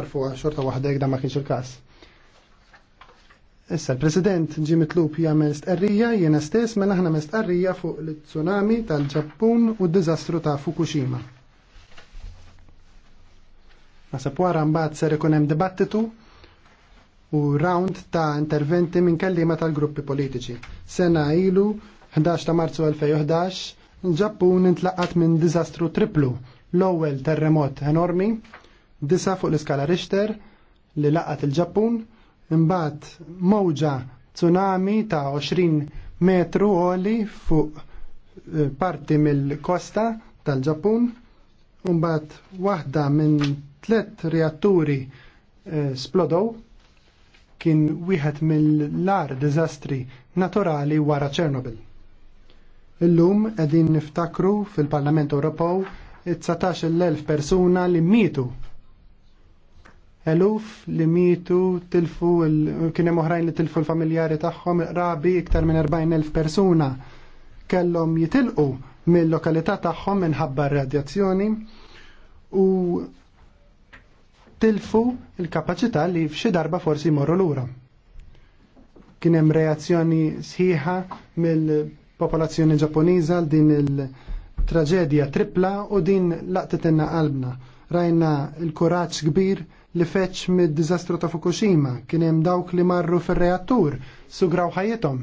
Għarfu, xorta waħda jgħda ma kienx il-kas. Issa l-President Tlup mitlub jagħmel stqarrija jiena stess mela aħna mestqarrija fuq l-tsunami tal-Ġappun u d-diżastru ta' Fukushima. Nasab wara mbagħad ser ikun hemm dibattitu u round ta' interventi minn kellima tal-gruppi politiċi. Sena ilu 11 ta' Marzu 2011 Ġappun intlaqat minn diżastru triplu l-ewwel terremot enormi disa fuq l-iskala Richter li laqat il-Ġappun, imbagħad mowġa tsunami ta' 20 metru għoli fuq eh, parti mill-kosta tal-Ġappun, imbagħad waħda minn tliet reatturi eh, splodow kien wieħed mill-lar diżastri naturali wara Chernobyl. Illum qegħdin niftakru fil-Parlament Ewropew it-19,000 persuna li mietu eluf li mitu tilfu, kienem oħrajn li tilfu l-familjari tagħhom rabi iktar minn 40.000 persuna kellhom jitilqu mill-lokalità tagħhom minħabba r-radjazzjoni u tilfu l-kapaċità li f'xi darba forsi jmorru lura. Kien hemm reazzjoni sħiħa mill-popolazzjoni Ġappuniża l din il-traġedja tripla u din laqtet inna qalbna. Rajna l-kuraġġ kbir li feċ mid-dizastru ta' Fukushima kien hemm dawk li marru fir-reattur sugraw ħajjithom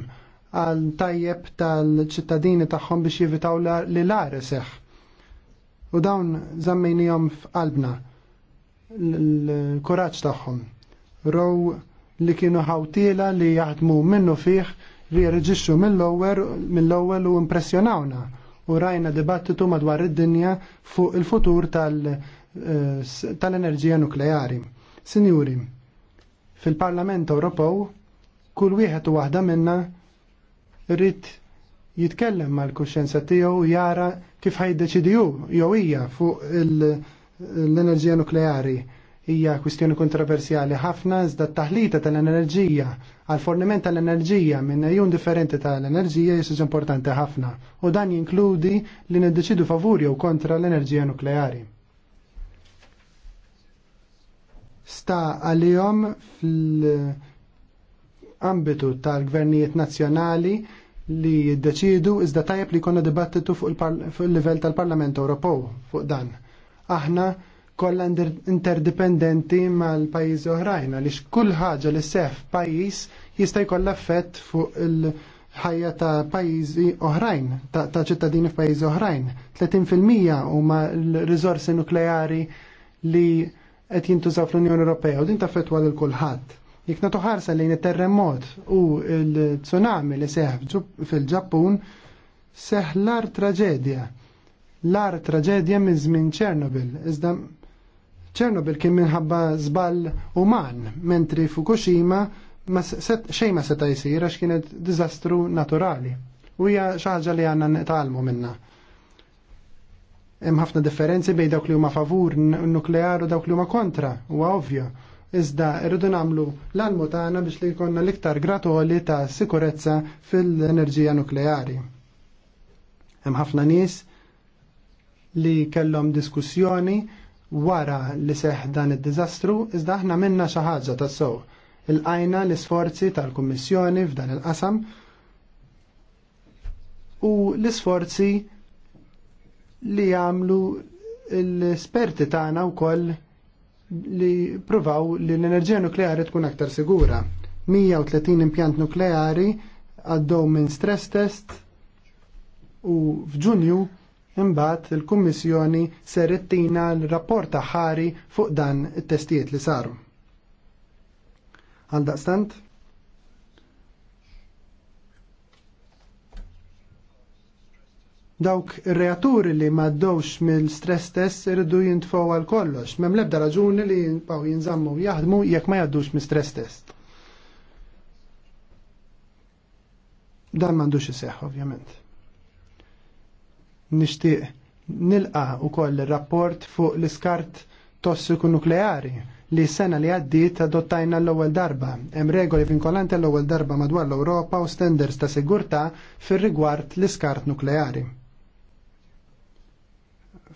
għal tajjeb tal-ċittadini tagħhom biex jivitaw li lar seħ. U dawn żammejnihom f'qalbna l-kuraġġ tagħhom. Row li kienu ħawtila li jaħdmu minnu fih li jirġixxu mill-ewwel u impressjonawna u rajna dibattitu madwar id-dinja fuq il-futur tal- Eh, tal-enerġija nukleari. Sinjuri, fil-Parlament Ewropew kull wieħed u waħda minna rrid jitkellem mal-kuxjenza tiegħu jara kif ħajdeċidi hu jew hija fuq l-enerġija nukleari hija kwistjoni kontroversjali ħafna iżda t-taħlita tal-enerġija għal forniment tal-enerġija minn ejjun differenti tal-enerġija jisuġ importanti ħafna u dan jinkludi li niddeċidu favur jew kontra l-enerġija nukleari. sta għalihom fl-ambitu tal-gvernijiet nazzjonali li jiddeċidu iżda tajjeb li jkollna dibattitu fuq il-livell tal-Parlament Ewropew fuq dan. Aħna kollha interdipendenti mal-pajjiżi oħrajn għaliex kull ħaġa li sef pajjiż jista' jkollha effett fuq il-ħajja ta' pajjiżi oħrajn, ta' ċittadini f'pajjiżi oħrajn. 30% huma l-riżorsi nukleari li qed jintużaw fl-Unjoni Ewropea u din taffettwa lil kulħadd. Jekk nagħtu ħarsa lejn it-terremot u l-tsunami li seħ fil-Ġappun seħ l-ar traġedja. L-ar traġedja minn żmien Ċernobil, iżda ċernobil kien minħabba żball uman, mentri Fukushima ma set, xej ma seta jisir għax kienet diżastru naturali. U hija xi ħaġa li għandna nitalmu minnha hemm ħafna differenzi bejn dawk li huma favur nukleari nuklear u dawk li huma kontra, huwa ovvju. Iżda rridu nagħmlu l-almu tagħna biex li jkollna l-iktar gratoli ta' sikurezza fil-enerġija nukleari. Hemm ħafna nies li kellhom diskussjoni wara li seħ dan id-diżastru iżda aħna minna xi ħaġa tas-sew. Il-qajna l-isforzi tal-Kummissjoni f'dan il-qasam u l-isforzi li jamlu l-esperti tagħna wkoll li provaw li l-enerġija nukleari tkun aktar sigura. 130 impjant nukleari għaddew minn stress test u f'Ġunju imbagħad il-Kummissjoni ser ittina l-rapport ħari fuq dan it-testijiet li saru. Għaldaqstant? dawk ir-reaturi li ma ddewx mill-stress test irridu jintfgħu għal kollox. Mem l-ebda raġuni li jinbgħu jinżammu jaħdmu jekk ma jgħaddux mill-stress test. Dan m'għandux iseħħ ovvjament. Nixtieq nilqa ukoll ir-rapport fuq l-iskart tossiku nukleari li s-sena li għaddit adottajna l-ewwel darba. Hemm regoli vinkolanti l-ewwel darba madwar l-Ewropa u standards ta' sigurtà fir-rigward l-iskart nukleari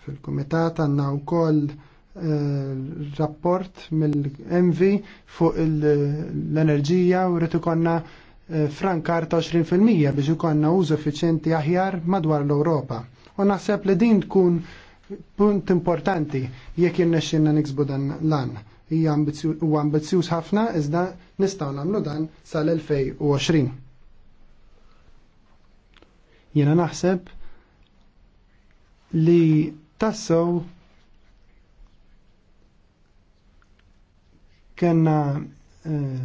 fil-Kumitat għandna wkoll eh, rapport mill-MV fuq l-enerġija u rritu konna eh, frankar ta' 20% biex konna użu effiċenti aħjar madwar l-Ewropa. U naħseb li din tkun punt importanti jekk xinna niksbu dan lan. Hija huwa ambizzjuż ħafna iżda nistgħu nagħmlu dan sal-2020. Jiena naħseb li tassow kena eh,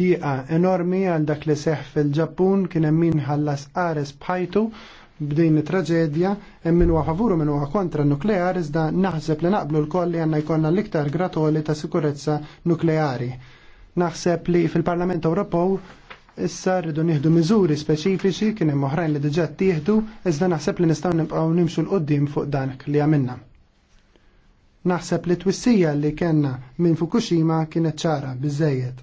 diqa enormi għal dak li seħ fil-ġappun kien hemm min ħallas qares bħajtu b'din traġedja hemm min huwa favuru min huwa kontra nukleari iżda naħseb li naqblu l li għandna jkollna l-iktar gratoli ta' sikurezza nukleari. Naħseb li fil-Parlament Ewropew Issa rridu nieħdu miżuri speċifiċi kien hemm oħrajn li diġà tieħdu iżda naħseb li nistgħu nibqgħu nimxu l qoddim fuq dan li għamilna. Naħseb li twissija li kellna minn Fukushima kienet ċara biżejjed.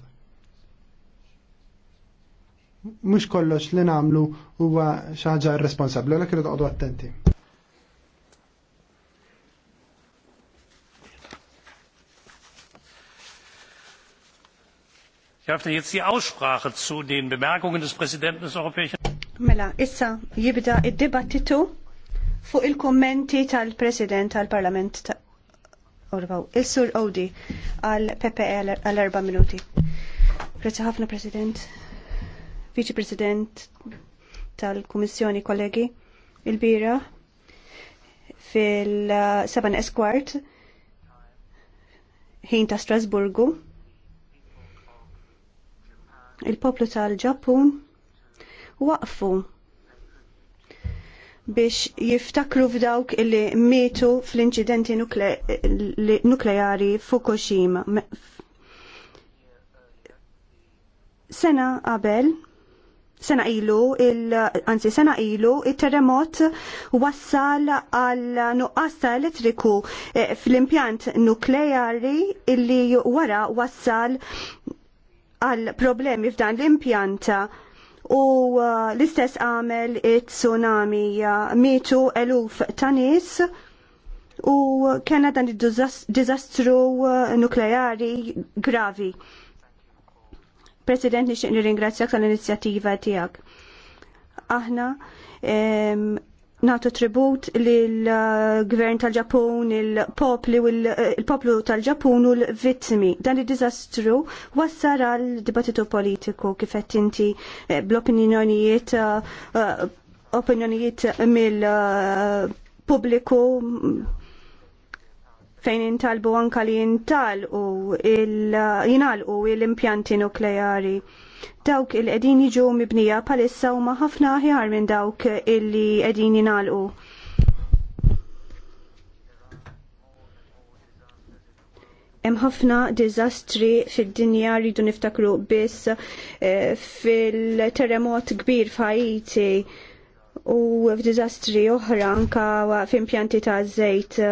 Mhux kollox li nagħmlu huwa xi ħaġa irresponsabbli, l irid attenti. Mela, issa jibda id-dibattitu fuq il-kommenti tal-President tal-Parlament ta' Orvaw, il-Sur Odi, għal PPE għal erba minuti. Grazie ħafna, President, Vice President tal-Kummissjoni, kollegi, il-bira fil-7 Esquart, ħin ta' Strasburgu, il-poplu tal-Ġappun waqfu biex jiftakru f'dawk li mietu fl-inċidenti nukleari Fukushima. Sena qabel, sena ilu, il, anzi sena ilu, il-terremot wassal għal nuqqas ta' elettriku eh, fl-impjant nukleari illi wara wassal għal problemi f'dan l-impjanta u uh, l-istess għamel it-tsunami uh, mitu eluf ta' nies u kena dan il-dizastru uh, nukleari gravi. President, nixtieq nirringrazzjak tal-inizjattiva tiegħek. Aħna natu tribut lill-gvern tal-Ġapun, il poplu eh, il-poplu tal-Ġapun u l-vittmi. Dan id-diżastru wassar għal dibattitu politiku kif qed inti eh, bl-opinjonijiet eh, opinjonijiet mill-pubbliku fejn intalbu anka li jintal u jinalqu l-impjanti nukleari. Dawk il qegħdin jiġu mibnija palissa huma ħafna aħjar minn dawk illi qegħdin jingħalqu. Hemm ħafna diżastri fid-dinja rridu niftakru biss eh, fil-terremot kbir f'Haiti u f'diżastri oħra anka f'impjanti ta' żejt.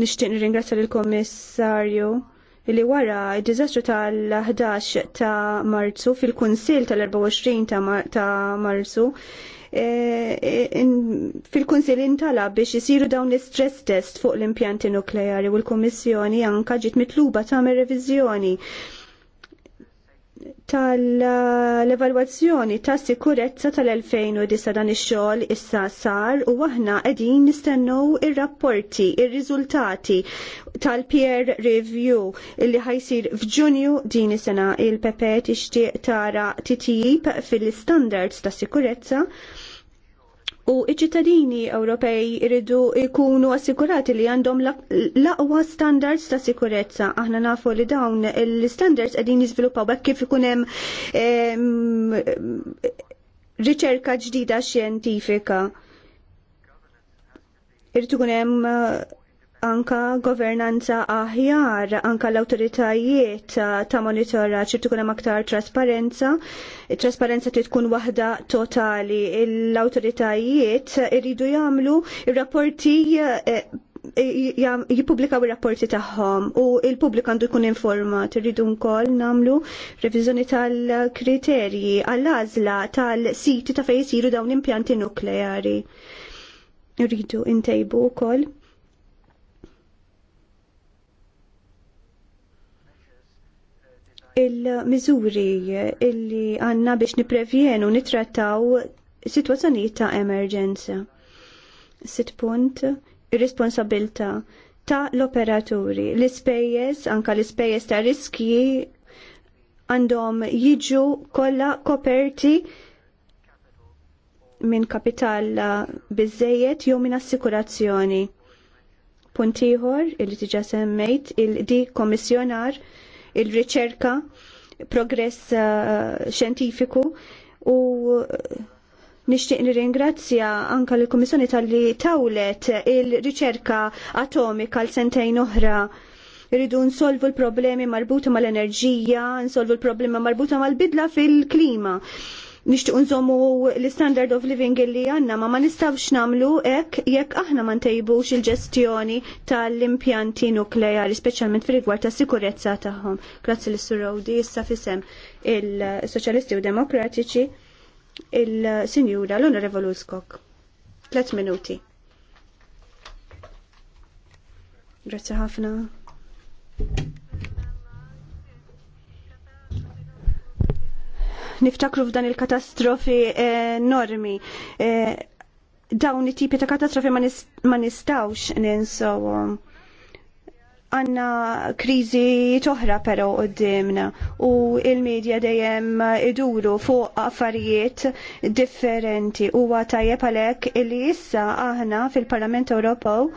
Nixtieq nirringrazzja lill-Kummissarju li wara id-diżastru tal-11 ta' Marzu fil-Kunsil tal-24 ta' Marzu e, e, fil-Kunsil intala biex isiru dawn l-stress test fuq l-impjanti nukleari u l komissjoni anka ġiet mitluba tagħmel reviżjoni tal-evalwazzjoni ta' sikurezza tal-2009 dan ix-xogħol issa sar u aħna qegħdin nistennew ir-rapporti, ir-riżultati tal-peer review li ħajsir f'Ġunju din is-sena il-PP tixtieq tara titjib fil-standards ta' sikurezza U iċ-ċittadini Ewropej iridu jkunu assikurati li għandhom l-aqwa standards ta' sikurezza. Aħna nafu li dawn l-standards qegħdin jiżviluppaw bekk kif ikun hemm riċerka ġdida xjentifika. Irid ikun hemm anka governanza aħjar, anka l-autoritajiet eh, ta' monitora ċirtu kunem aktar trasparenza. Trasparenza trid tkun waħda totali. L-autoritajiet iridu jagħmlu rapporti eh, eh, jipublikaw il-rapporti tagħhom u il-pubbliku għandu jkun informat irridu wkoll nagħmlu reviżjoni tal-kriterji għall-għażla tal-siti ta' fejn isiru dawn impjanti nukleari. Irridu ntejbu wkoll il-miżuri illi għanna biex niprevjenu nitrattaw situazzjonijiet ta' emerġenza. Sitt punt, ir-responsabilta ta' l-operaturi. L-ispejjeż, anka l-ispejjeż ta' riski għandhom jiġu kollha koperti minn kapital biżejjed jew minn assikurazzjoni. Punt ieħor li tiġa semmejt il-di kommissjonar il-riċerka, progress eh, xjentifiku u eh, Nishtiq nirringrazzja anka l-Komissjoni tal-li tawlet il-riċerka atomika l-sentejn oħra. Rridu nsolvu l-problemi marbuta mal-enerġija, nsolvu l-problema marbuta mal-bidla fil-klima nishtiq nżommu l-standard of living illi għandna ma ma nistawx nagħmlu hekk jekk aħna ma ntejbux il-ġestjoni tal-impjanti nukleari speċjalment fil-rigwar tas-sikurezza tagħhom. Grazzi l surrodi issa fisem il-Soċjalisti u Demokratiċi il-Sinjura l-Onorevol Uskok. Tlet minuti. Grazzi ħafna. niftakru f'dan il-katastrofi eh, enormi. Eh, dawn it-tipi ta' katastrofi ma nistawx ninsawhom. Għanna krizi toħra pero għoddimna u il-medja dejjem iduru fuq affarijiet differenti u għatajja palek li issa aħna fil-Parlament Ewropew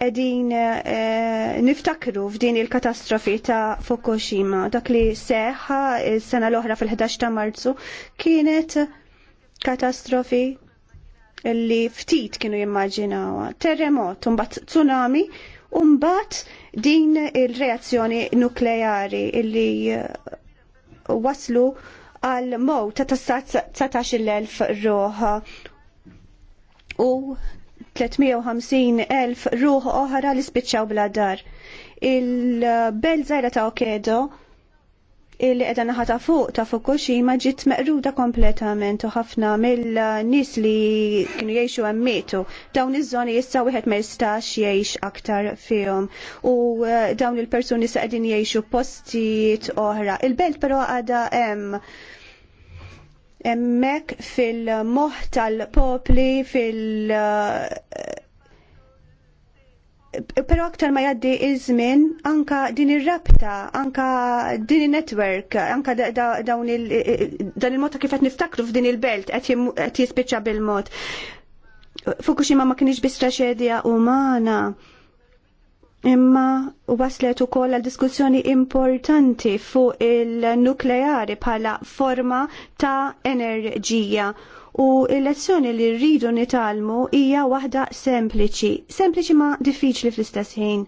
edin eh, niftakru f'din il-katastrofi ta' Fukushima. Dak li seħħa s-sena l-oħra fil-11 ta' Marzu kienet katastrofi li ftit kienu jimmaġinawa. Terremot, umbat tsunami, umbat din il-reazzjoni nukleari li eh, waslu għal mow ta' 19.000 ruħ u 350 elf ruħ oħra li spiċċaw bla dar. Il-belt zaħra ta' Okedo il edha naħata fuq ta' ma ġiet meqruda kompletament u ħafna mill-nis li kienu jgħixu għammetu. Dawn iż-żoni issa wieħed ma jistax jgħix aktar fihom u eh, dawn il-persuni sa' qegħdin jgħixu postijiet oħra. Il-belt però għadha hemm emmek fil-moħ tal-popli fil-, eh, però Pero aktar ma jaddi iż-żmien anka din ir-rabta, anka din il-network, anka dawn il, dan il-mod ta' kif qed niftakru f'din il-belt qed jispiċċa bil-mod. Fukushima ma kienx biss traċedja umana imma waslet ukoll għal diskussjoni importanti fuq il-nukleari bħala forma ta' enerġija u l-lezzjoni li rridu nitalmu hija waħda sempliċi, sempliċi ma diffiċli fl-istess ħin.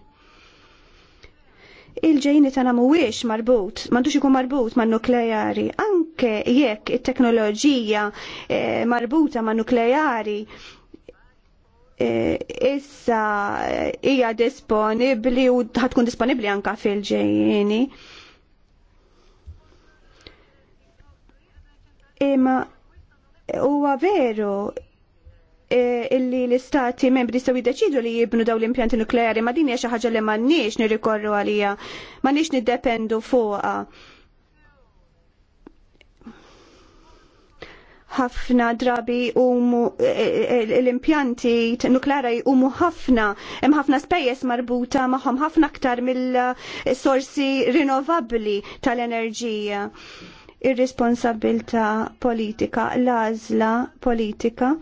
Il-ġejni tagħna mhuwiex marbut, m'għandux ikun marbut man nukleari, anke jekk it-teknoloġija eh, marbuta ma' nukleari E, issa hija disponibbli u ħatkun disponibbli anka fil-ġejjini. Imma huwa veru e, illi l-istati membri sew jiddeċidu li jibnu daw l-impjanti nukleari ma din hija xi ħaġa li m'għandniex nirrikorru għalija, m'għandniex niddependu fuqha ħafna drabi u e- e- e- l-impjanti nukleari umu ħafna, hemm ħafna spejjeż marbuta magħhom ħafna aktar mill-sorsi rinnovabbli tal-enerġija. Ir-responsabilta politika, l-għażla politika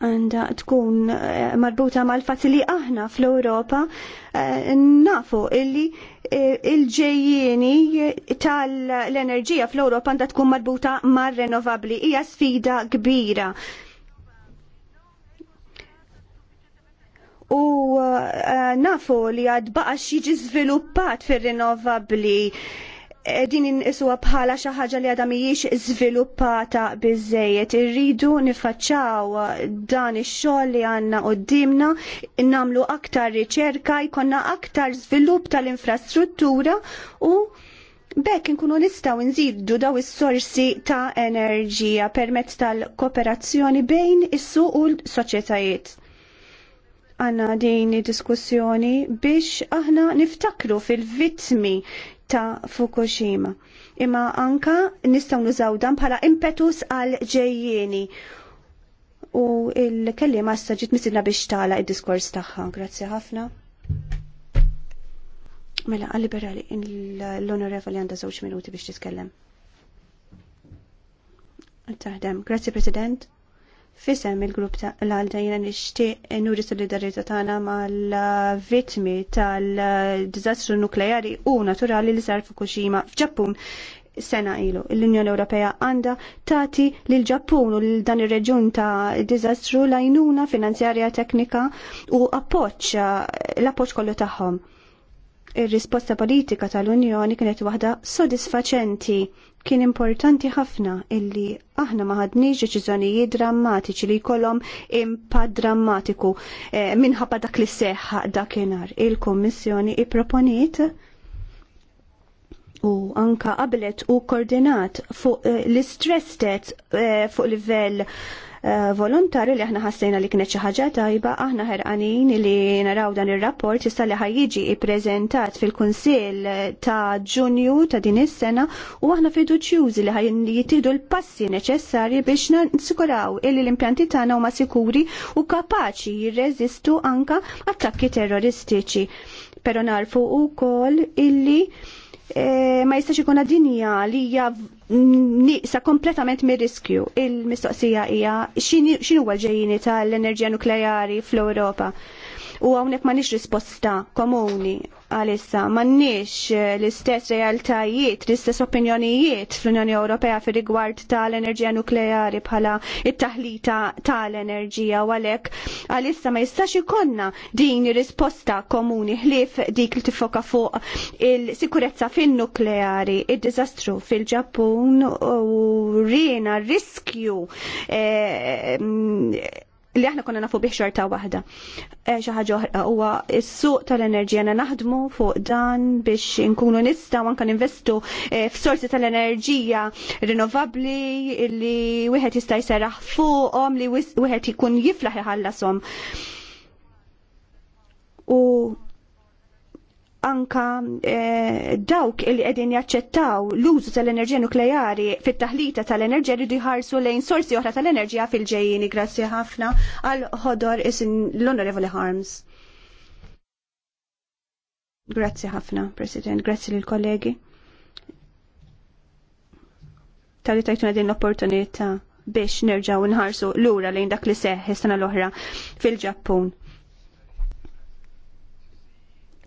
għanda tkun eh, marbuta mal-fat li aħna fl-Europa eh, nafu illi eh, il-ġejjieni tal-enerġija fl-Europa għanda tkun marbuta mal-renovabli. Hija sfida kbira. U nafu li għad baqa jiġi sviluppat fil-renovabli din inqisuha bħala xi ħaġa li għadha mhijiex żviluppata biżejjed. Irridu nifaċċaw dan ix-xogħol li għandna qudiemna, nagħmlu aktar riċerka, jkollna aktar żvilupp tal-infrastruttura u Bekk inkunu nistgħu nżidu daw is-sorsi ta' enerġija permezz tal-kooperazzjoni bejn is-suq u l-soċjetajiet għanna din diskussjoni biex aħna niftakru fil-vittmi ta' Fukushima. Imma anka nistgħu nużaw dan bħala impetus għal ġejjieni u il-kellima staġit misidna biex tala id-diskors tagħha. Grazzi ħafna. Mela, għal-liberali, l-onorevoli għanda żewġ minuti biex titkellem. Taħdem. Grazzi, President. Fisem il-grupp ta' l-għalda jena nishtiq nuri solidarieta tagħna mal-vitmi tal-dizastru nukleari u naturali li sar Fukushima f'Ġappun sena ilu. L-Unjoni Ewropea għanda tati lil ġappun u l dan ir-reġun ta' dizastru lajnuna finanzjarja teknika u appoċ l-appoġġ kollu tagħhom. Ir-risposta politika tal-Unjoni kienet waħda sodisfaċenti kien importanti ħafna illi aħna ma ħadniex deċiżjonijiet drammatiċi li jkollhom impatt drammatiku eh, minħabba dak li seħħa dakinhar. Il-Kummissjoni ipproponiet u anka qablet u koordinat fuq eh, l-istress test eh, fuq livell Eh, volontari li aħna ħassejna li kienet xi ħaġa tajba, aħna ħerqanin li naraw dan ir-rapport issa li ħajjiġi ippreżentat fil-Kunsill ta' Ġunju ta' din is-sena u aħna fiduċjużi li ħajn jittieħdu l-passi neċessarji biex nsikuraw illi l-impjanti tagħna huma sikuri u kapaċi jirreżistu anka attakki terroristiċi. Pero narfu u kol illi Eh, ma jistax ikun dinja li hija nieqsa kompletament mir-riskju. Il-mistoqsija hija x'inhu l-ġejjini tal-enerġija nukleari fl-Ewropa. U hawnhekk m'għandix risposta komuni għalissa m'għandniex eh, l-istess realtajiet, l-istess opinjonijiet fl-Unjoni Ewropea fir rigward tal-enerġija nukleari bħala it-taħlita tal-enerġija u għalhekk għalissa ma jistax ikonna din risposta komuni ħlief dik li tifoka fuq il-sikurezza fin-nukleari, id-diżastru fil-Ġappun u rina riskju eh, li aħna konna nafu bih xorta waħda. E, xi ħaġa oħra huwa s-suq tal-enerġija na naħdmu fuq dan biex inkunu nistgħu anke ninvestu e, f'sorsi tal-enerġija rinnovabbli li wieħed jista' jserraħ fuqhom li wieħed jkun jiflaħ iħallasom. U anka eh, dawk li qegħdin jaċċettaw l-użu tal-enerġija nukleari fit-taħlita tal-enerġija li jħarsu lejn sorsi oħra tal-enerġija fil-ġejjini. Grazzi ħafna għal ħodor isin l-Onorevoli Harms. Grazzi ħafna, President. Grazzi lill kollegi Tali tajtuna din l-opportunità biex nerġaw nħarsu l-ura lejn dak li seħ sena l-oħra fil-Ġappun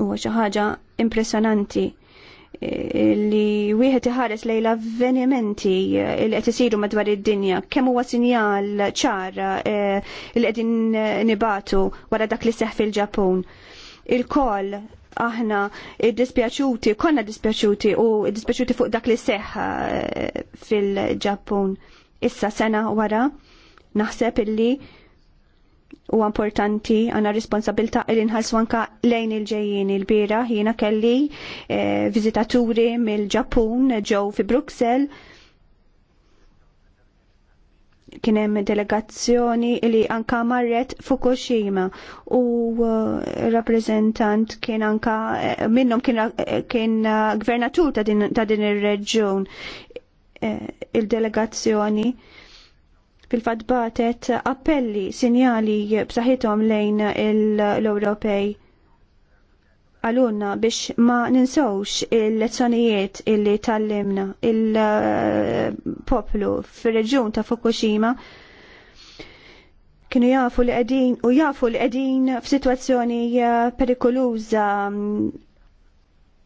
huwa xi ħaġa impressjonanti eh, li wieħed iħares lejla avvenimenti eh, li qed isiru madwar id-dinja, kemm huwa sinjal ċar eh, li qegħdin nibatu wara dak li seħħ fil-Ġapun. Il-koll aħna id-dispjaċuti, konna dispjaċuti u dispjaċuti fuq dak li seħ fil-Ġappun. Issa sena wara naħseb illi u importanti għanna responsabilta il-inħalsu anka lejn il-ġejjien il-bira jina kelli eh, vizitaturi mill-Ġapun ġew fi Bruxelles Kien hemm delegazzjoni li anka marret Fukushima u eh, rappreżentant kien anka eh, minnhom kien gvernatur ta' din ir-reġjun il-delegazzjoni il fil-fat batet appelli, sinjali b'saħħithom lejn l-Ewropej għalunna biex ma ninsawx il-lezzjonijiet illi tallimna il-poplu fil-reġjun ta' Fukushima kienu jafu l-edin u jafu l-edin f'sitwazzjoni perikoluża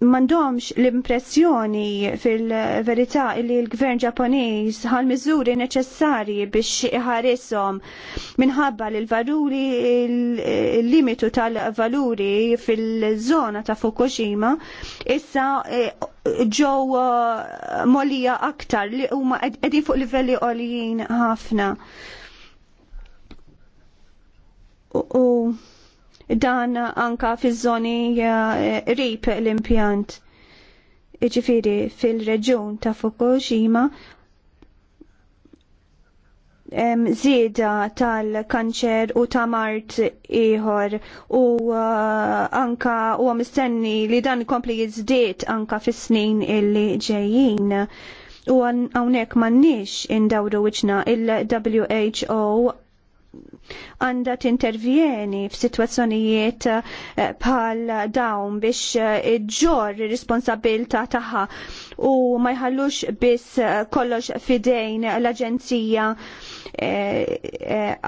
mandomx l-impressjoni fil-verità li l-gvern ġaponiż għal miżuri neċessarji biex iħarissom minħabba li l-valuri l-limitu tal-valuri fil-żona ta' Fukushima issa eh, ġew eh, molija aktar li huma qegħdin fuq livelli għoljin ħafna. U, u dan anka fiż zoni eh, rip l-impjant. Iġifiri fil-reġjun ta' Fukushima zieda tal-kanċer u ta' mart ieħor u eh, anka huwa mistenni li dan ikompli jizdiet anka fis-snin illi ġejjin. U hawnhekk m'għandniex indawru wiċċna il-WHO għanda tintervjeni f'sitwazzjonijiet eh, bħal dawn biex eh, ġor responsabilta taħħa u ma jħallux biss eh, kollox fidejn l-Aġenzija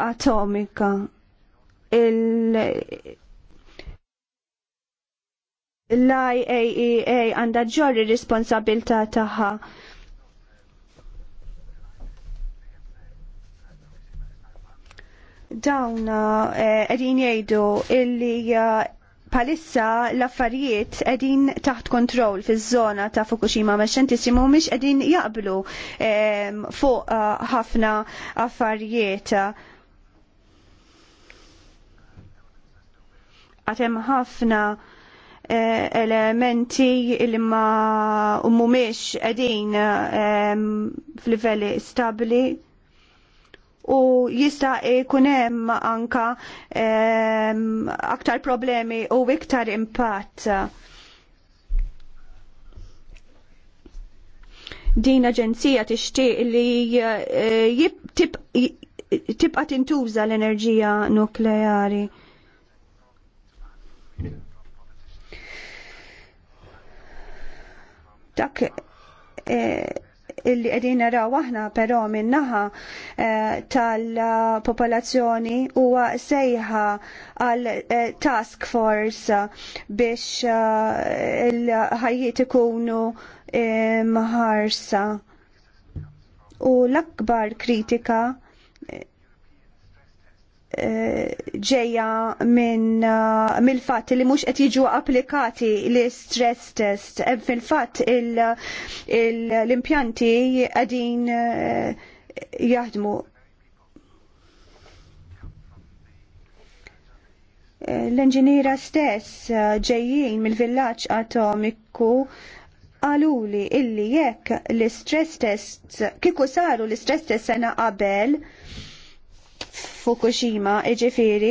Atomika. Il l-IAEA għanda ġorri responsabilta taħħa. Dawn qegħdin eh, jgħidu illi eh, palissa l-affarijiet qegħdin taħt kontroll fiż-żona ta' Fukushima ma' xentisti mhumiex qegħdin jaqblu eh, fuq ħafna affarijiet. Għatem ħafna elementi li ma mhumiex qegħdin f'livelli stabbli u jista' jkun hemm anka um, aktar problemi u iktar impatt. Din aġenzija tixtieq li eh, tibqa' tintuża l-enerġija nukleari. Dak eh, illi qegħdin naraw aħna però min-naħa eh, tal-popolazzjoni huwa sejħa għal eh, task force biex eh, il-ħajjiet ikunu mħarsa. U l-akbar kritika ġeja minn uh, mill-fatt li mhux qed jiġu applikati l stress test. E, Fil-fatt l-impjanti qegħdin uh, jaħdmu l inġiniera stess uh, ġejjin mill-villaġġ atomiku għaluli illi jekk l-istress test kiku saru l-istress test sena qabel Fukushima, iġifiri,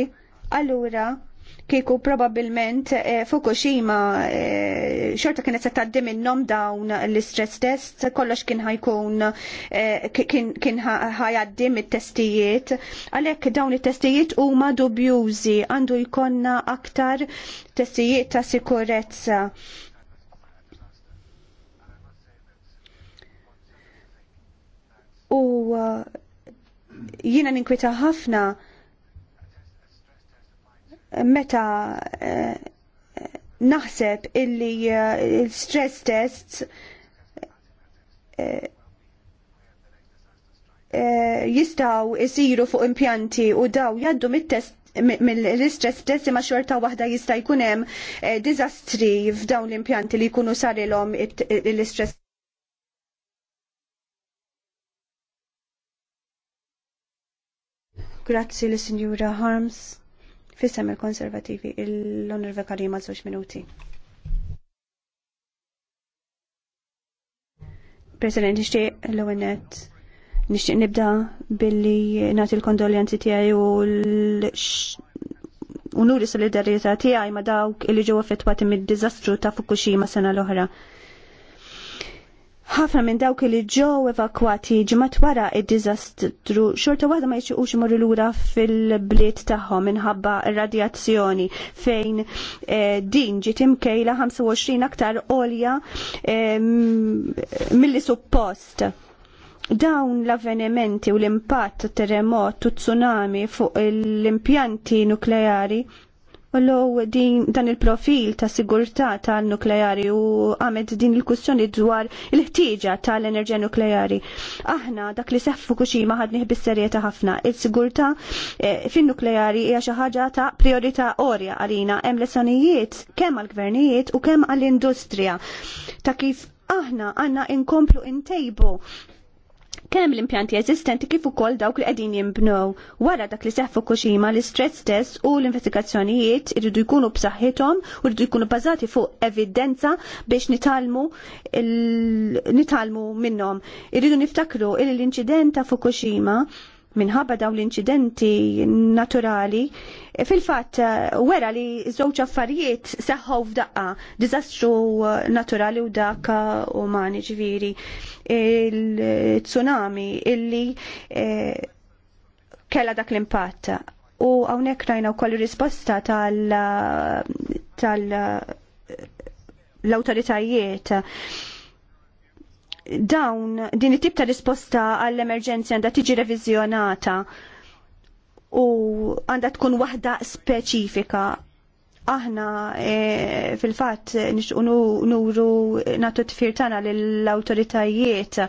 allura kieku probabilment eh, Fukushima eh, xorta kienet se taddi minnhom dawn l-istress test, kollox kien ħajkun eh, kien ħajaddi mit-testijiet. Għalhekk dawn it-testijiet huma dubjużi għandu jkollna aktar testijiet ta' sikurezza. U Jiena ninkwita ħafna meta eh, naħseb illi eh, il-stress tests eh, jistaw isiru fuq impjanti u daw jaddu mit-test mill-istress test ma xorta waħda jista' jkun hemm dizastri f'dawn l-impjanti li jkunu sarilhom il istress Grazzi li sinjura Harms. Fissem il-konservativi l vekari ma' zoċ minuti. President, nishtiq l-għennet. Nishtiq nibda billi nati l-kondoljanzi tijaj u l-unuri solidarieta tijaj ma dawk il-ġu għafetwati mid-dizastru ta' Fukushima sena l-oħra ħafna minn dawk li ġew evakwati ġimgħat wara id-diżastru xorta waħda ma jiċċuqux imorru lura fil-bliet tagħhom minħabba radjazzjoni fejn eh, din ġiet imkejla 25 aktar olja eh, milli suppost. Dawn l-avvenimenti u l-impatt terremot u tsunami fuq l-impjanti nukleari Wallow din dan il-profil ta' sigurtà tal-nukleari u għamed din il-kussjoni dwar il-ħtieġa tal-enerġija nukleari. Aħna dak li seħħ Fukushima ħadnih bis-serjetà ħafna. Il-sigurtà eh, fin-nukleari hija xi ħaġa ta' priorità orja għalina hemm lezzjonijiet kemm għall-gvernijiet u kemm għall-industrija ta' kif aħna għandna inkomplu intejbu kemm l-impjanti eżistenti kif ukoll dawk li qegħdin jinbnew. Wara dak li seħħ Fukushima l-istress test u l-investigazzjonijiet iridu jkunu b'saħħithom u iridu jkunu bażati fuq evidenza biex nitalmu nitalmu minnhom. Iridu niftakru li l-inċident ta' Fukushima minħabba daw l-inċidenti naturali, fil-fat wera li żewġ affarijiet seħħaw f'daqqa, diżastru naturali u dak umani ġviri, il-tsunami illi eh, kella dak l-impatt. U għawnek rajna u koll risposta tal- tal autoritajiet dawn din it-tip ta' risposta għall-emerġenzi għandha tiġi reviżjonata u għandha tkun waħda speċifika. Aħna e, fil-fatt nixqu nuru natu tfir tagħna lill-awtoritajiet e,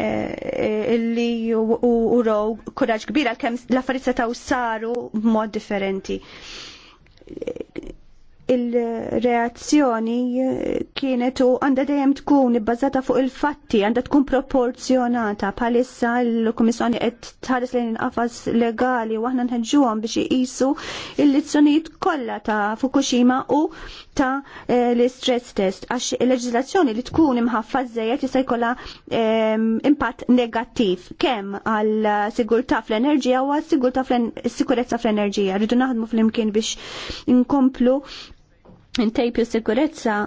e illi u row kuraġġ kbira għalkemm l-affarijiet setgħu saru b'mod differenti il-reazzjoni kienet u għanda dejjem tkun ibbażata fuq il-fatti, għanda tkun proporzjonata bħalissa l-Komissjoni qed tħares lejn qafas legali u aħna nħeġġuhom biex iqisu il-lezzjonijiet kollha ta' Fukushima u ta' eh, l-stress test għax il leġislazzjoni li tkun imħaffa żejjed jista' jkollha ehm, impatt negattiv kemm għal sigurtà fl-enerġija u għal sigurtà fl-sikurezza fl-enerġija. Rridu naħdmu fl-imkien biex nkomplu intejpju sikurezza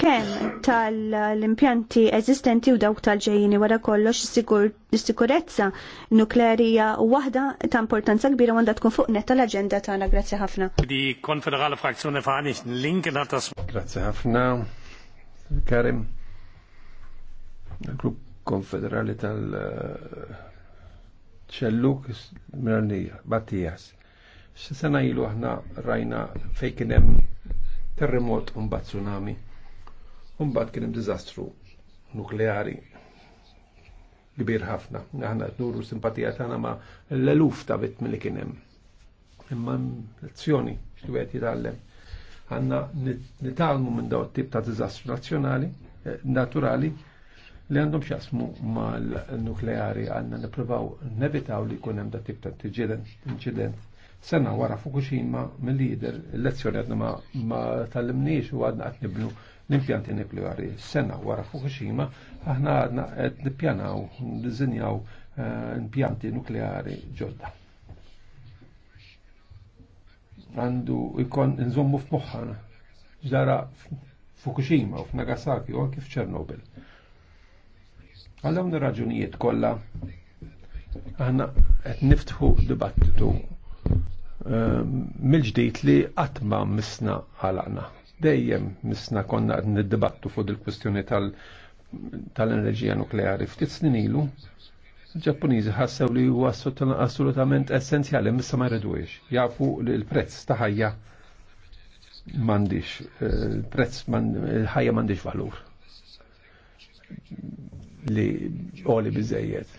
kemm tal-impjanti eżistenti u dawk tal-ġejjini wara kollox is-sikurezza nuklearija waħda ta' importanza kbira għandha tkun fuq net tal-aġenda tagħna. Grazzi ħafna. Di konfederali frazzjoni Vereinigten link hat Grazzi ħafna. Karim. Il-Grupp Konfederali tal ċelluk Mirnija, Battijas. X'sena ilu aħna rajna fejkinem terremot u mbagħad tsunami. U mbagħad kien hemm diżastru nukleari kbir ħafna. Aħna qed nuru simpatija tagħna ma' l luf ta' vittmi li kien hemm. Imma lezzjoni xtu għet jitgħallem. għanna nitalmu minn dawn tip ta' dizastru nazjonali eh, naturali, li għandhom xasmu mal-nukleari għanna niprovaw nevitaw li kunem da tip ta' incident sena wara Fukushima mill-lider l-lezzjoni għadna ma, ma tal-imniex u għadna għad nibnu l-impjanti nukleari. Sena wara Fukushima aħna għadna għad nipjanaw, nizzinjaw eh, impjanti nukleari ġodda. Għandu ikon nżommu f'moħħana ġdara Fukushima u f'Nagasaki u anki f'Ċernobil. Għal dawn ir-raġunijiet kollha aħna qed niftħu dibattitu Ehm, mil ġdijt li għatma misna għalana. Dejjem misna konna nid debattu fuq il-kwestjoni tal-enerġija nukleari. Ftit snin ilu, il ġappuniżi ħassew li huwa assolutament essenzjali, missa ma jredwiex. Jafu li l-prezz ta' ħajja mandiċ, eh, prezz ħajja mandiġ valur li oli bizzejiet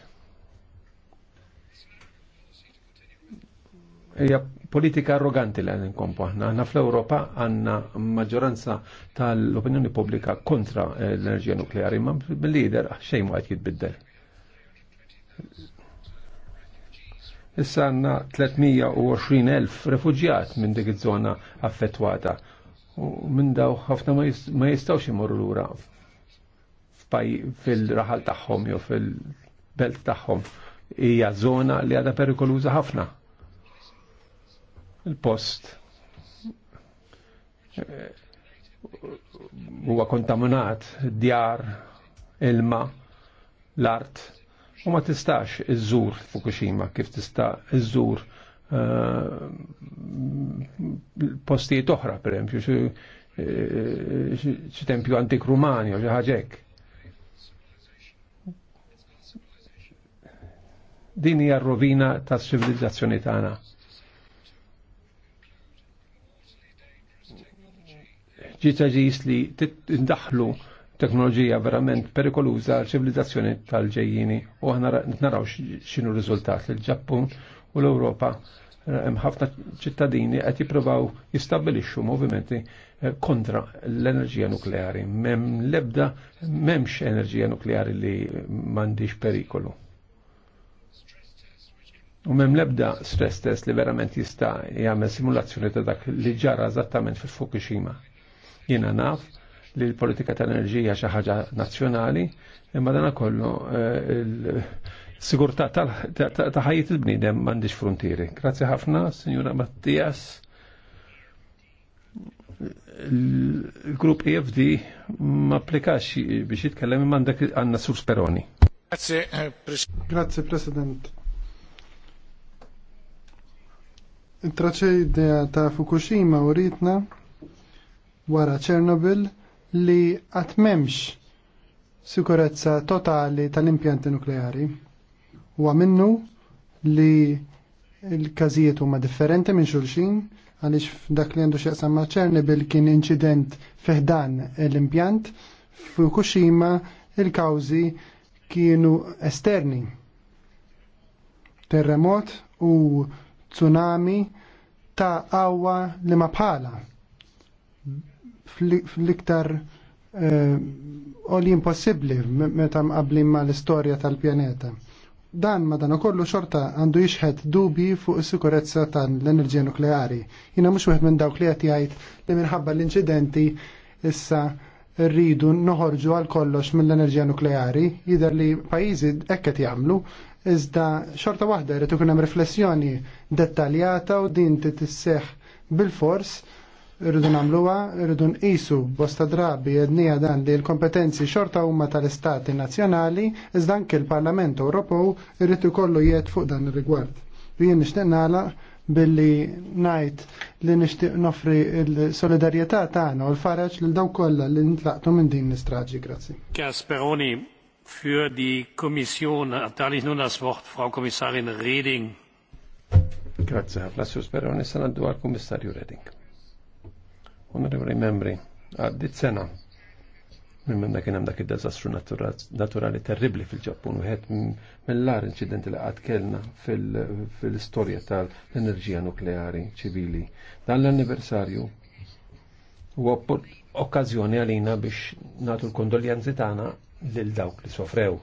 hija politika arroganti li għan nkompu aħna. Aħna fl-Europa għanna maġġoranza tal-opinjoni pubblika kontra eh, l-enerġija nukleari, ma mill-lider ah, xejn ma qed jitbiddel. Issa għanna 320.000 refugjat minn dik iż-żona affettwata. U minn daw ħafna ma jistawx imorru lura fil-raħal tagħhom jew fil-belt tagħhom. Hija żona li għadha perikoluża ħafna il-post huwa kontaminat, djar, ilma, l-art, u ma tistax iżżur Fukushima kif tista' iżżur eh, postijiet oħra, per eh, xi tempju antik Rumani u xi ħaġek. Din hija rovina tas-civilizzazzjoni tagħna. ġitaġis li tindaħlu teknoloġija verament perikoluża ċivilizazzjoni ċivilizzazzjoni tal-ġejjini u aħna naraw x'inhu riżultat li l-Ġappun u l-Ewropa eh, hemm ħafna ċittadini qed jippruvaw jistabbilixxu movimenti eh, kontra l-enerġija nukleari. Mem lebda m'hemmx enerġija nukleari li m'għandix perikolu. U mem lebda stress test li verament jista' jagħmel simulazzjoni ta' dak li ġara eżattament fil-Fukushima. Jiena naf li l-politika tal-enerġija xi ħaġa nazzjonali, imma dan kollu eh, il-sigurtà ta' ħajjit il-bniedem m'għandix frontieri. Grazzi ħafna, Sinjura Mattias. Il-grupp EFD ma applikax biex jitkellem imma għandek għandna Sur Speroni. Grazie, eh, President. il idea ta' Fukushima u ritna wara Chernobyl li qatt m'hemmx sikurezza totali tal-impjanti nukleari. Huwa minnu li l-każijiet huma differenti minn xulxin għaliex f'dak li għandu xieqsam ma' Chernobyl kien inċident feħdan l-impjant Fukushima il-kawżi kienu esterni. Terremot u tsunami ta' għawa li ma bħala fl-iktar għoljien eh, possibli meta mqablin ma l-istorja tal-pjaneta. Dan madana kollu xorta għandu jixħed dubi fuq is-sikurezza tal-enerġija nukleari. Jina mhux wieħed minn dawk li qed jgħid li minħabba l-inċidenti issa rridu noħorġu għal kollox mill-enerġija nukleari, jidher li pajjiżi hekk qed jagħmlu, iżda xorta waħda jrid ikun hemm riflessjoni dettaljata u din titisseħ bil-fors namluwa, nagħmluha, n nqisu bosta drabi jednija dan li l-kompetenzi xorta huma tal-istati nazzjonali iżda anke l-Parlament Ewropew rridu ikollu jgħid fuq dan ir-rigward. Jien nishtiq nagħlaq billi ngħid li nixtieq nofri l-solidarjetà tagħna u l-faraġ lil daw kollha li ntlaqtu minn din nistraġi, istraġi Grazzi. Kasperoni, für die Kommission erteile ich nun das Wort Frau Kommissarin Reding. Grazie, Flassius Peroni, sanaddu duar Kommissarju Reding. Onorevoli membri, għaddit sena minn dakin hemm dak id-deżastru naturali terribli fil-Ġappun wieħed mill lar incidenti li qatt kellna fil-istorja tal-enerġija nukleari ċivili. Dan l-anniversarju huwa okkażjoni għalina biex nagħtu l-kondoljanzi tagħna lil dawk li sofrew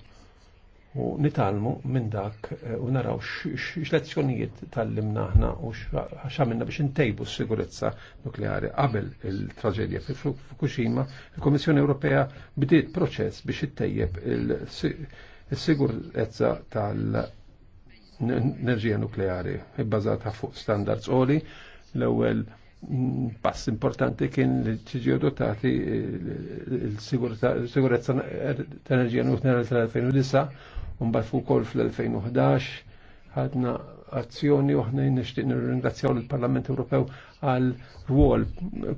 u nitalmu minn dak eh, u naraw x-lezzjonijiet tal-limna ħna u xamilna biex intejbu s-sigurezza nukleari qabel il-traġedja fi Fukushima, il-Komissjoni Ewropea bdiet proċess biex intejjeb il-sigurezza tal-enerġija nukleari, ibbażata fuq standards oli, l-ewwel pass importanti kien li tiġi adottati eh, l-sigurezza ta' enerġija nukleari tal-2009 un fuq kol fl-2011 ħadna azzjoni u ħna nishtiq nirringrazzjaw l-Parlament Ewropew għal ruol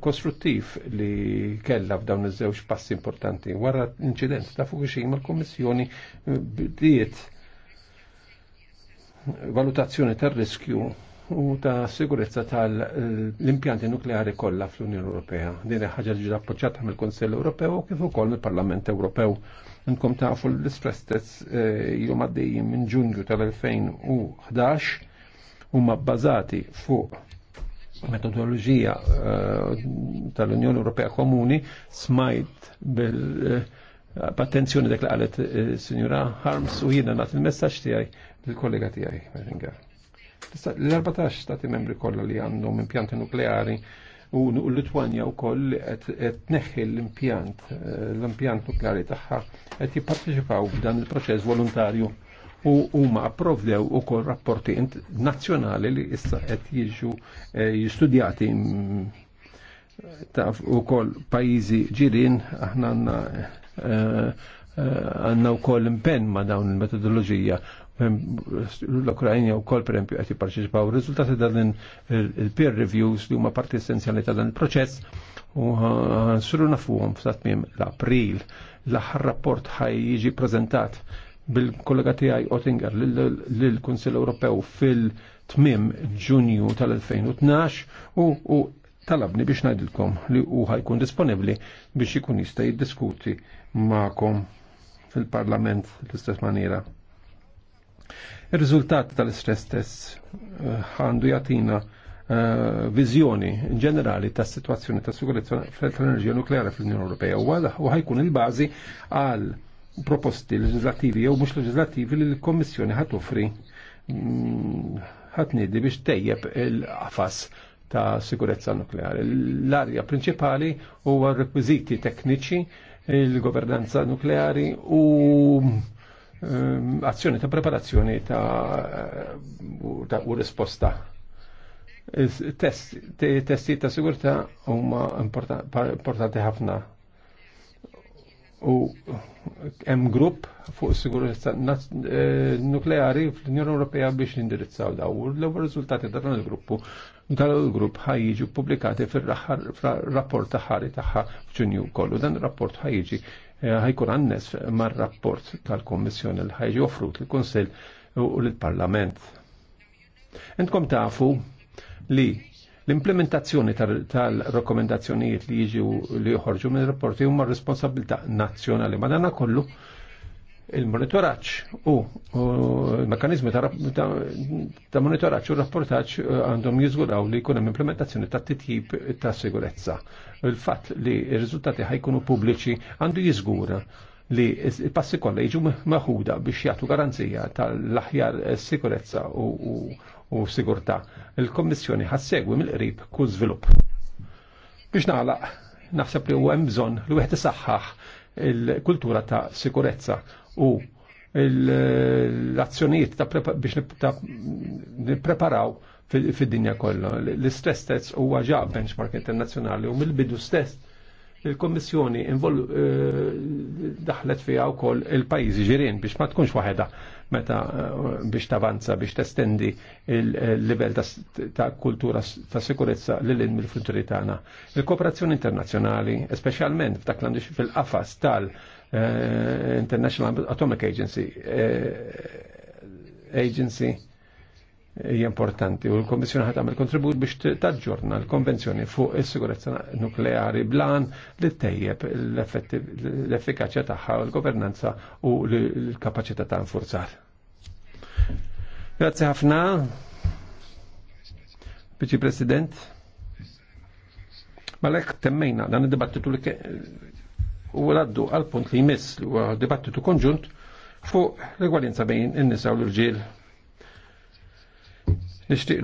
kostruttiv li kella f'dawn iż-żewġ passi importanti. Wara l-inċident ta' Fukushima l-Kommissjoni eh, bdiet valutazzjoni tar-riskju u ta' sigurezza tal-impjanti nukleari kollha fl-Unjoni Ewropea. Din ħaġa li appoġġjata mill-Kunsell Ewropew u kif ukoll mill-Parlament Ewropew. Nkom tafu l-istress test eh, jum għaddejjin minn Ġunju tal-2011 huma bbażati fuq metodoloġija eh, tal-Unjoni Ewropea Komuni smajt bil- eh, B'attenzjoni dak li qalet signora Harms u jiena nagħti il-messaġġ tiegħi lill-kollega tiegħi Meringer. L-14 stati membri kollha li għandhom impjanti nukleari u l-Litwanja u koll qed neħħi l-impjant eh, l-impjant nukleari tagħha qed jipparteċipaw f'dan il-proċess volontarju u huma approvdew ukoll rapporti nazzjonali li issa qed jiġu eh, jistudjati mm, taf u koll pajizi ġirin aħna għanna eh, għanna u koll impen ma dawn il-metodologija l-Ukrajna u kol per esempio għati parċiċipaw. Rizultati dan il-peer reviews li huma parti essenzjali ta' dan il-proċess u sru nafuhom satmim l-April. L-aħħar rapport ħaj jiġi prezentat bil-kollega tiegħi Ottinger lill-Kunsill Ewropew fil-tmim Ġunju tal-2012 u talabni biex ngħidilkom li u ħajkun disponibbli biex ikun jista' jiddiskuti magħkom fil-Parlament l-istess maniera il riżultat tal-istress test eh, għandu jatina eh, vizjoni ġenerali ta' situazzjoni ta' sigurezza tal-enerġija nukleari fl-Unjoni Ewropea u ħajkun il-bażi għal proposti leġislativi jew mhux leġislativi li l-Kommissjoni ħad offri mm, ħatnidi biex tejjeb il-qafas ta' sigurezza nukleari. L-arja prinċipali huwa r-rekwiżiti tekniċi, il-governanza nukleari u Ehm, azzjoni ta' preparazzjoni ta' eh, u risposta. Testi ta' sigurta huma importanti ħafna. U hemm grupp fuq sigurezza eh, nukleari fl-Unjoni Ewropea biex nindirizzaw daw. l-ewwel riżultati ta' dan il-gruppu il grupp ħajjiġu pubblikati fir-rapport ta' ħari tagħha f'Ġunju kollu. Dan ir-rapport ħajjiġi Eh, ħajkun għannes mar-rapport tal-Kommissjoni li ħajġi offrut l-Konsil u l-Parlament. Entkom tafu li L-implementazzjoni tal-rekomendazzjonijiet li jiġu li joħorġu minn rapporti huma responsabilità nazzjonali, ma kollu il-monitoraċ u il-mekanizmi ta' monitoraċ u rapportaċ eh, għandhom jizguraw li jkun hemm implementazzjoni ta' titjib ta' sigurezza. Il-fatt li r-riżultati ħajkunu pubbliċi għandu jiżgura li passi kollha jiġu maħuda biex jagħtu garanzija tal-aħjar sikurezza u sigurtà. Il-Kommissjoni ħassegwi mill-qrib kull żvilupp. Biex nagħlaq naħseb li huwa hemm bżonn li wieħed isaħħaħ il-kultura ta' sikurezza u l-azzjonijiet ta' biex nippreparaw fid-dinja kollha. L-istress test huwa ġa benchmark internazzjonali u mill-bidu stess il-Kommissjoni eh, daħlet fija u koll il pajzi ġirin biex ma tkunx waħeda meta eh, biex tavanza biex testendi il-level ta' kultura ta' sikurezza l-lin mill-fronturi tagħna. Il-kooperazzjoni internazzjonali, speċjalment f'dak l fil-qafas tal-International eh, Atomic Agency Agency hija importanti u l-Kommissjoni ħat tagħmel kontribut biex taġġorna l-Konvenzjoni fuq is-sigurezza nukleari blan li tejjeb l-effikaċja tagħha u l-governanza u l-kapaċità ta' nfurzar. Grazzi ħafna. Viċi President. Malek temmejna dan id-dibattitu li u għaddu għal-punt li jmiss u dibattitu konġunt fuq l-egwalinza bejn in-nisa u l-irġiel Nixtieq